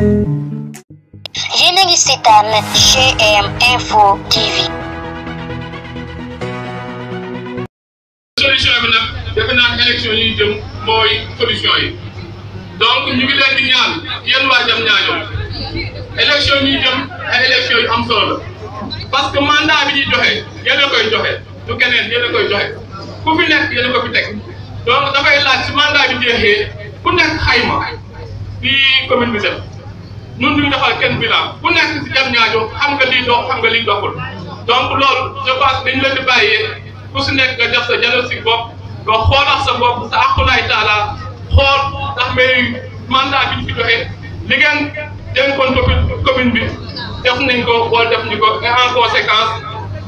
yéen a ngi seetaan GM Info TV. solution bi nag defe naa ne élection yi jëm mooy solution yi donc ñu ngi leen di ñaan yéen waa jam ñaaño élection yi jëm ay élection yu am solo parce que mandat bi ñuy joxe yéen a koy joxe du keneen yéen a koy joxe ku fi nekk yéen a ko fi teg donc dafay laaj si mandat bi jeexee ku nekk xayma di commune bi def. ñun duñu defal kenn bilan ku nekk si jam ñaajo xam nga lii dox xam nga lii doxul donc loolu je pense dañu leen di bàyyee ku si nekk nga def sa diagnostic bopp nga xoolax sa bopp sa aqulaay taala xool ndax may mandat bi ñu fi joxe li ngeen dénkoon commune bi def nañ ko wala def ñu ko et en conséquence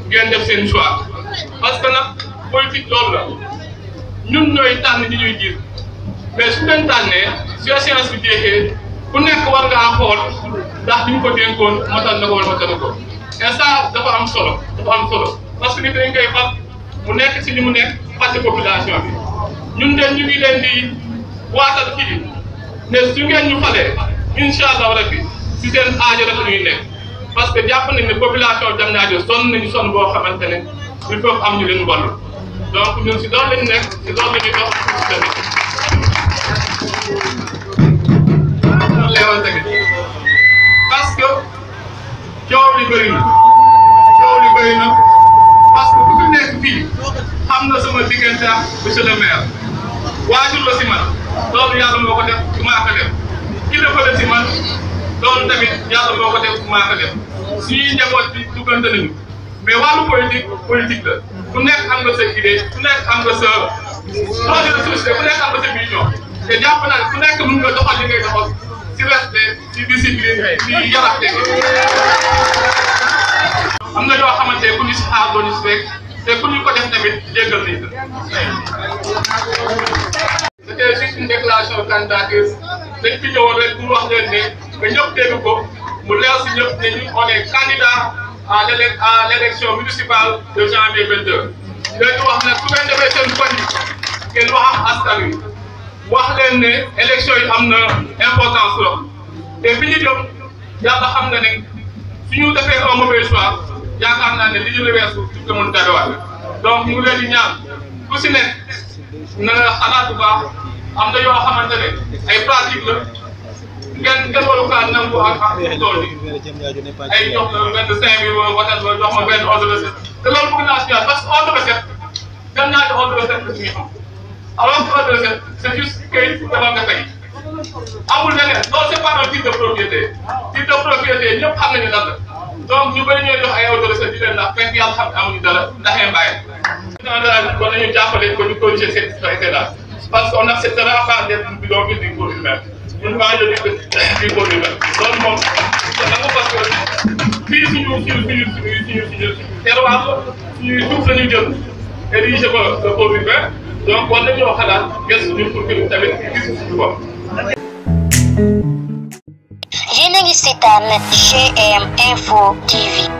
ngeen def seen choix parce que nag politique loolu la ñun ñooy tànn ñi ñuy jiir mais su leen tànnee su échéance bi jeexee ku nekk war ngaa xool ndax li ñu ko dénkoon matal na ko wala matal na ko instant dafa am solo dafa am solo parce que nit dañ koy mu nekk si li mu nekk fàtte population bi ñun de ñu ngi leen di waata fii ne su ngeen ñu xalee incha allah rabbi si seen aajo rek ñuy nekk parce que jàpp nañ ne population Diamniadio sonn nañu sonn boo xamante ne il faut am ñu leen wàllu donc ñun si doon lañu nekk si doon lañuy dox si monsieur le maire la si man loolu yàlla moo ko def maa ko def kilifa la si man loolu tamit yàlla moo ko def maa ko def suñuy njaboot bi duggante nañu mais wàllu politique politique ku nekk am nga sa idée ku nekk am nga sa projet de société ku nekk am nga sa vision te jàpp naa ne ku nekk mën nga doxal li ngay doxal si respect si discipline si yarax teg am na ku ñu si aar doon te ku ñu ko def tamit jéggal nañ la. c'était juste une déclaration de candidature dañ fi ñëwoon rek pour wax leen ne ba ñëpp dégg ko mu leer si ñëpp ne ñu on est candidat à l' élec à l' élection municipale de janvier 22. léegi wax nag su ngeen defee seen fan yi ngeen wax ak askan wi wax leen ne élection yi am na importance trop te fi ñu jëm yàlla xam na ne su ñu defee un mauvais choix. yaakaar naa ne li ñu la weesu duñ ko mën a donc mu ngi leen di ñaan ku si nekk na nga xalaat bu baax am na yoo xamante ne ay pratique la ngeen ngeen waru kaa nangu ak ak tool bi ay jox la benn cinq mille wala wala wala jox ma benn ordre de recette te loolu bëgg naa si waat parce que ordre de recette dem naa ci ordre de recette la suñuy am alors que ordre de recette c'est juste kayit dafa nga tey amul leneen loolu c'est pas un titre de propriété titre de propriété ñëpp xam nañu lan la. donc ñu bëri ñooy jox ay autorités sax di leen ndax fekk yàlla xam ne amuñu dara ndaxee mbaay. président de la République war nañu jàppale ko ñu corriger cette situation là parce que on acceptera pas d'être du bidon bi du góor humain ñun maa ngi leen di du góor humain loolu moom te nangu parce que fii suñu suñu suñu suñu suñu terroir suñuy suuf la ñu jël érigé ko le pauvre humain donc war nañoo xalaat gëstu ñun pour que tamit gis suñu bopp. un GM Info TV.